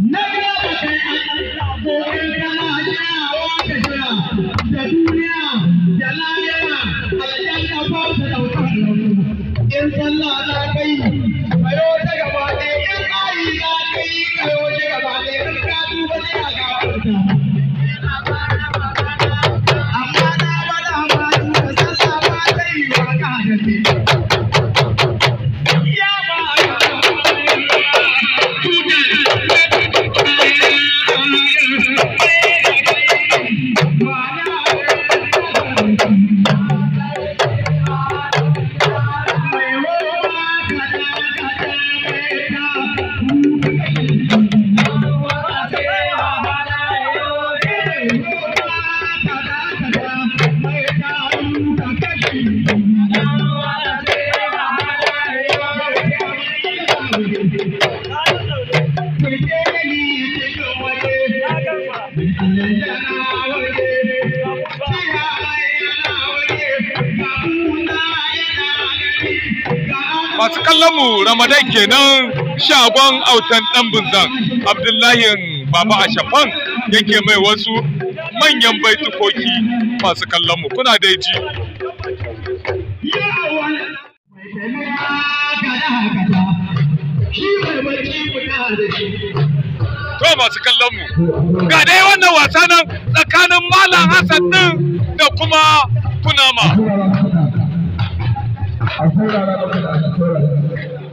Never masu kallon mu ramadan kenan shagon autan dan bunzan abdullahi baba ashafan yake mai wasu manyan baitukoki masu kallonmu kuna dai ji to masu kallon mu ga dai wannan wasa nan tsakanin malam hassan din da kuma kunama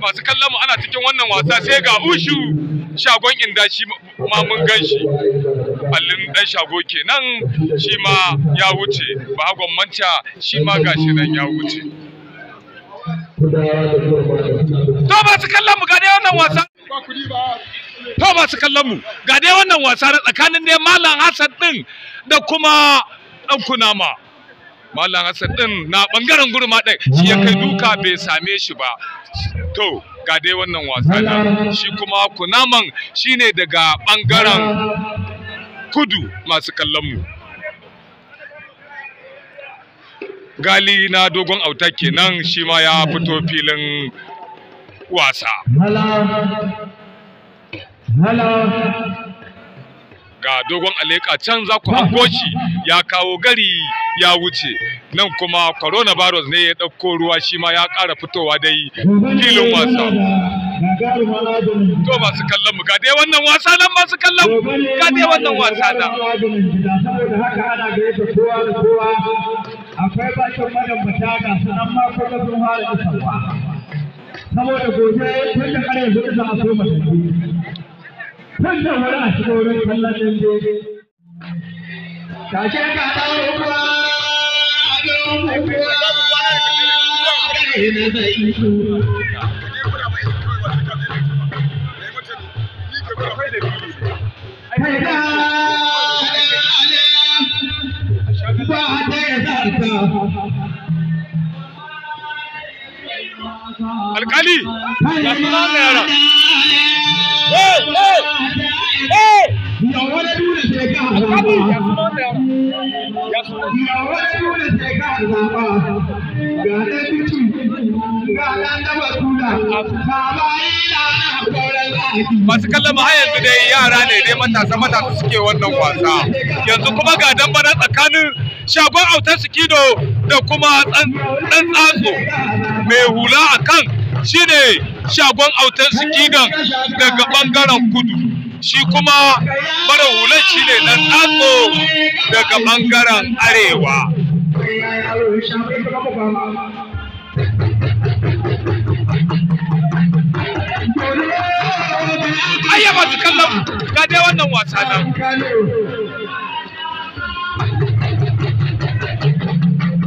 masu kallon mu ana cikin wannan wasa sai ga ushu shagon inda shi ma mun gan allin dan shago kenan shi ma ya wuce ba manca shi ma gashi nan ya wuce To masu kallon mu ga dai wannan wasa. To masu kallon mu ga dai wannan wasa na tsakanin dai Malam Hassan din da kuma dan kunama. Malam Hassan din na bangaren gurma din shi ya kai duka bai same shi ba. To ga dai wannan wasa na shi kuma kunaman shine daga bangaren kudu masu kallon mu. gali na dogon auta kenan shi ma ya fito filin wasa ga dogon aleka can za ku hango shi ya kawo gari ya wuce nan kuma coronavirus ne ya ɗauko ruwa shi ma ya ƙara fitowa dai filin wasa to masu kallon mu ga dai wannan wasa nan masu kallon mu ga dai wannan wasa nan akwai bakin madambata ga sunan ma ko da sun fara isarwa saboda gobe tun da har yanzu za a so matattu tun da wani a cikin wurin kallon dambe take ka dawo kuma a don kuma na zai su Hey, guys! hannunta alkali ya suna da yara masu kallon har yanzu dai yara ne dai matasa matasa suke wannan wasa yanzu kuma ga dambana tsakanin shagon autar sikido da kuma ɗan tsatso mai hula a kan shine shagon autar sikidon daga ɓangaren kudu shi kuma mara shi shine ɗan tsatso daga ɓangaren arewa Ayyaba su kallon ga dai wannan wasa nan.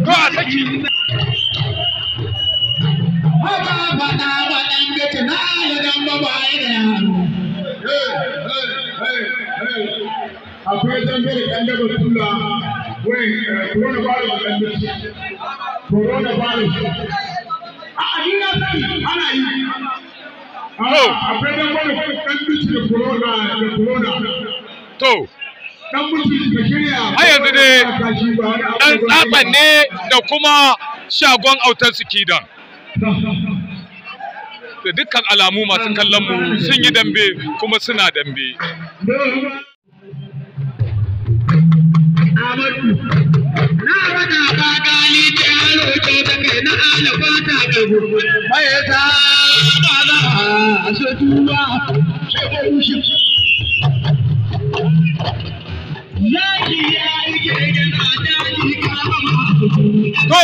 to a saki Baba bada badan gata na ya dan baba ya da da A ana yi. Akwai da da corona. To. a yanzu ne ɗan tsatsan ne da kuma shagon autar sikidan da dukkan alamu masu kallon mu sun yi dambe kuma suna dambe Mai yasa ba za a so tuwa, shi ko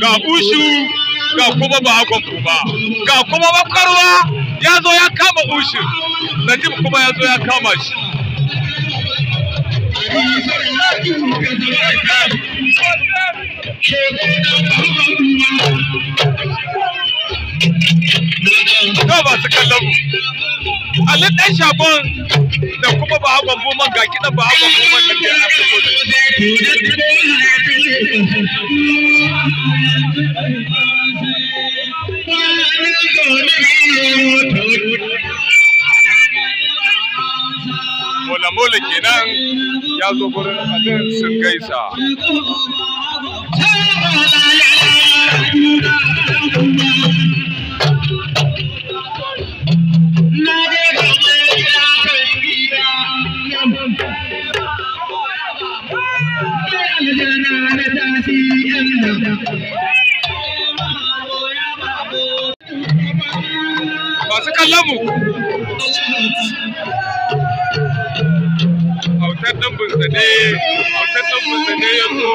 ga ushu ga kuma ba hakon kuma ga kuma bakwarwa ya zo ya kama ushu najib kuma ya zo ya kama shi Ga su kallon mu, Ali ɗan shagon da kuma ba haɓa buman ga kiɗan ba haɓa buman da ke a mola-mola kenan ya zo gurin abin sun gaisa hautatsan musulmi ya zo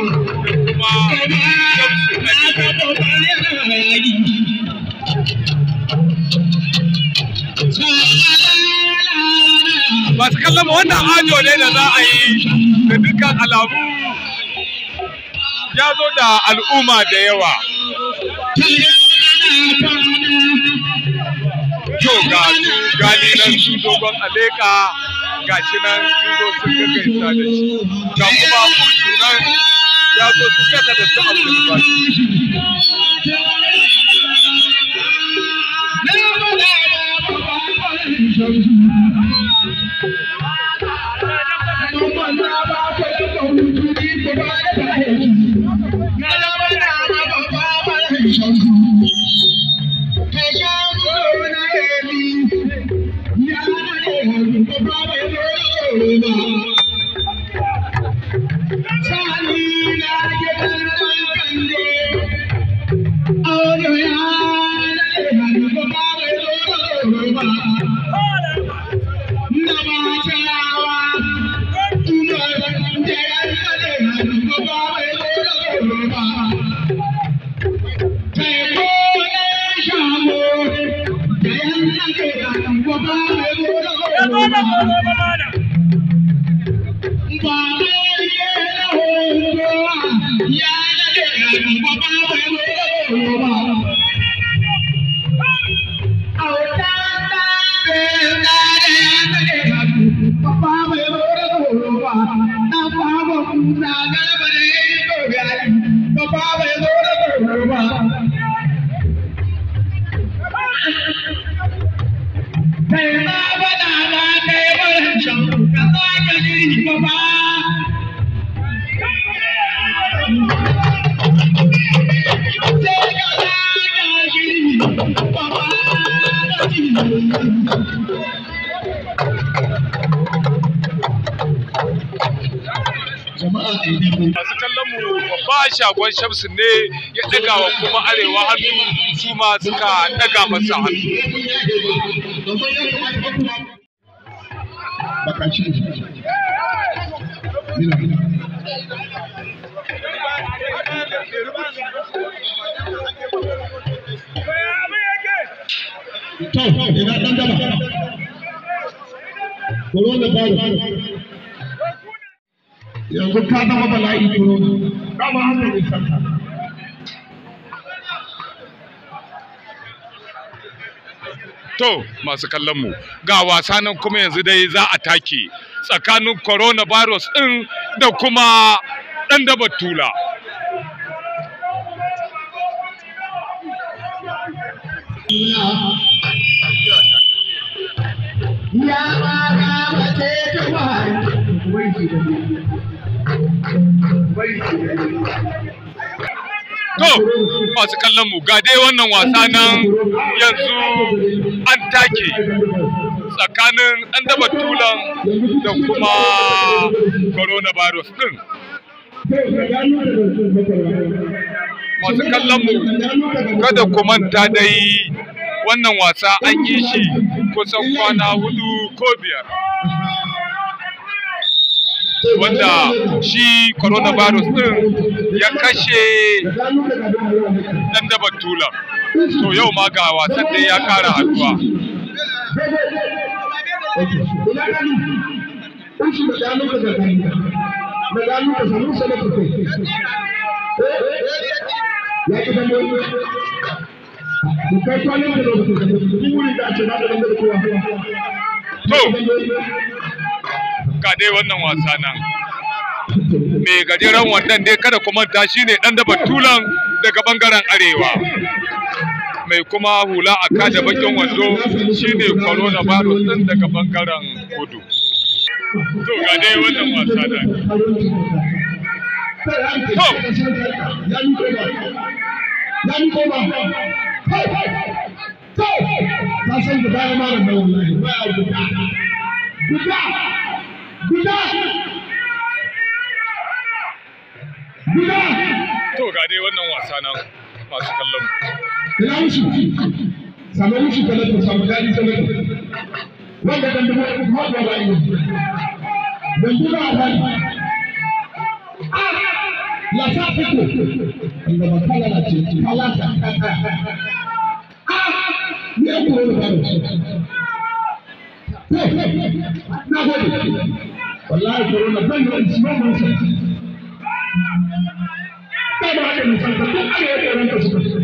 kuma wannan ajo ne da za a yi da dukkan alamu ya zo da al'umma da yawa to ga su nan su dogon aleka gashi nan da shi kuma ya zo da su Thank you. ಹೇಳಿದೆ Father. shagon shamsu ne ya ɗaga wa kuma arewa hannu su ma suka ɗaga masa hannu Yanzu ka zama bala'i turu. To masu kallon mu ga wasa nan kuma yanzu dai za a take tsakanin coronavirus ɗin da kuma ɗan da batula. Ya ba ba ba To, masu kallon mu ga dai wannan wasa nan yanzu an take tsakanin ɗan daba tulan da kuma coronavirus ɗin. Masu kallon kada ku manta dai wannan wasa an yi shi kusan kwana hudu ko biyar. wanda shi coronavirus din ya kashe dan daban tula to yau ma ga wasan dai ya kara haduwa To, saka dai wannan wasa nan mai gajeren wannan dai kada kuma ta shine dan daba batulan daga bangaren arewa mai kuma hula a kada bakin wando shine coronavirus din daga bangaren kudu to ga dai wannan wasa nan to ya To ga dai wannan wasa nan masu kallon. Ina musu, samu musu kalato, samu daɗi kalato. Wanda kan da ya kuma ba ba ne. Ban duba a hali. Ah! La sa fito. Ina ba kala na ce, kala sa. Ah! Ni ya kuma wani ba da su. Na gode. wallahi corona ban da ci ban ban sai ba ba da misalta duk arewa da ranka suka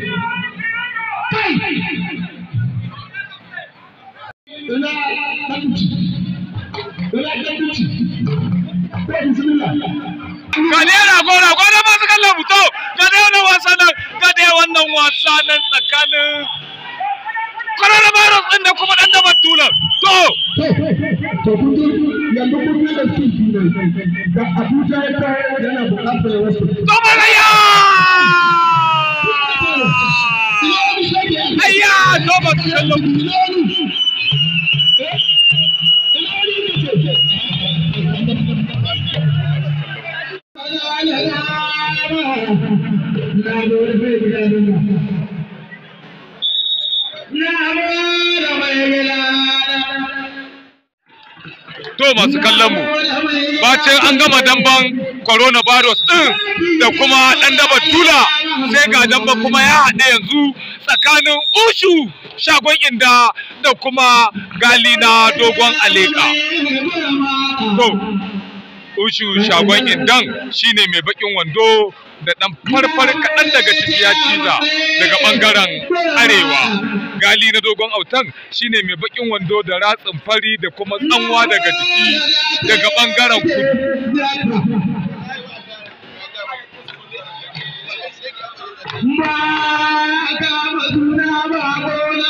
da Abuja ya kawo yana buƙatar wasu. Zobaraya! Ayya! Zobar kallon! To masu kallon mu. bacin an gama damban coronavirus din da kuma dan daba tula sai ga damba kuma ya haɗe yanzu tsakanin ushu shagon inda da kuma gali na dogon aleka ushu shagon indan shine mai bakin wando da dan farfar kaɗan daga ciki ya ciza daga ɓangaren arewa gali na dogon autan shine mai bakin wando da ratsin fari da kuma tsanwa daga jiki daga ɓangaren kudu ba ko na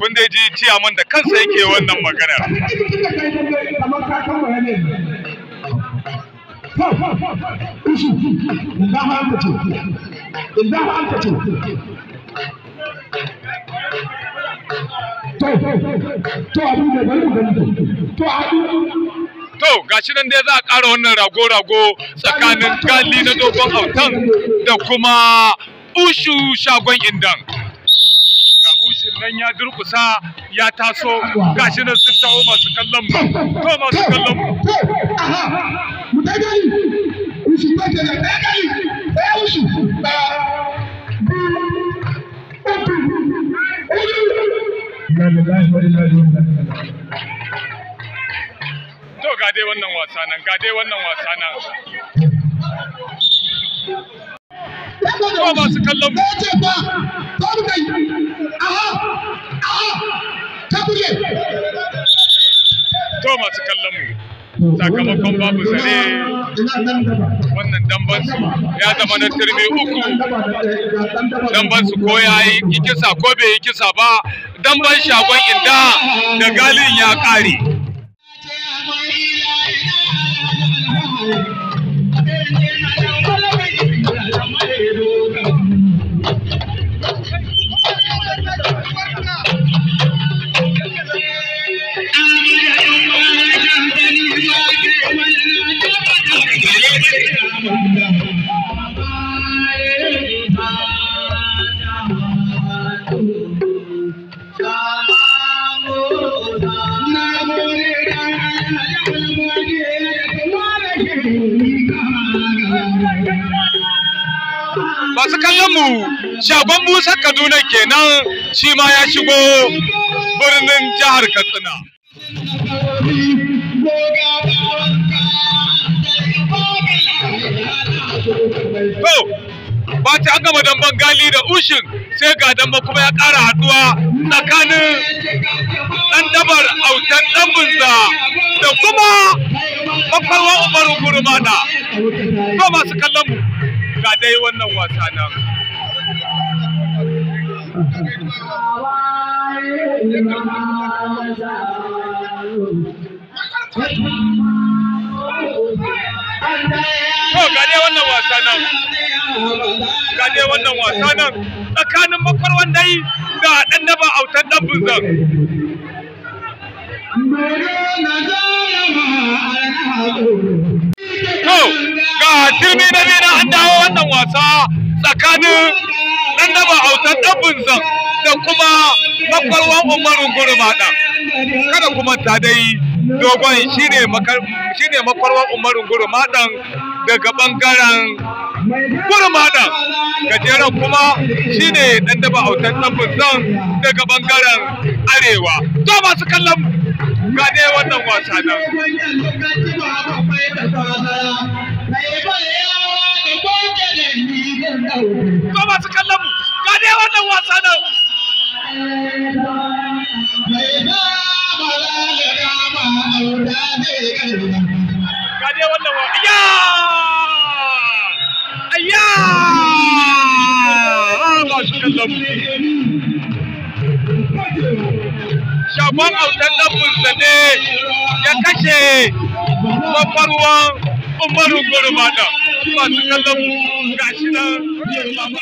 kun dai ji ciyaman da kansa yake wannan magana To ga shi nan dai za a ƙara wannan rago-rago tsakanin gali na dogon autan da kuma ushu shagon indan. kushin nan ya durkusa ya taso gashi nan sun taho masu kallon mu to masu kallon mu aha mu dai gari shi ba ke da dai gari dai kushin ba To ga dai wannan wasa nan, ga dai wannan wasa nan. kuma masu kallon mu babu kai aha aha ta buge to masu kallon mu sakamakon babu zare wannan damban su ya zama na turmi uku damban su ko ya yi kisa ko bai yi kisa ba damban shagon inda da galin ya kare mu shagon Musa kaduna kenan shi ma ya shigo birnin jihar katsina to ba ta an gama damban gali da ushin sai ga damba kuma ya ƙara haɗuwa tsakanin ɗan dabar autan ɗanbinsa da kuma mafarwa umaru gurmana ba masu kallon mu ga dai wannan wasa nan To gane wannan wasa nan, ga wannan wasa nan tsakanin makwarwan dai da ɗan daba autan ɗan bunzan. To ga turmi na ne na an dawo wannan wasa tsakanin ɗan daba autan ɗan bunzan. da kuma makwalwan umaru mada kada kuma ta dai dogon shi ne makwarwan umaru mada daga ɓangaren mada gajeren kuma shi ne ɗan daba autan ɗan zan daga ɓangaren arewa to masu kallon ga wannan wasa nan kallon ga dai wannan wasa nan Shafan autan ɗanbunsa ne ya kashe mafarwan umaru gurbaɗa masu kallon gashi na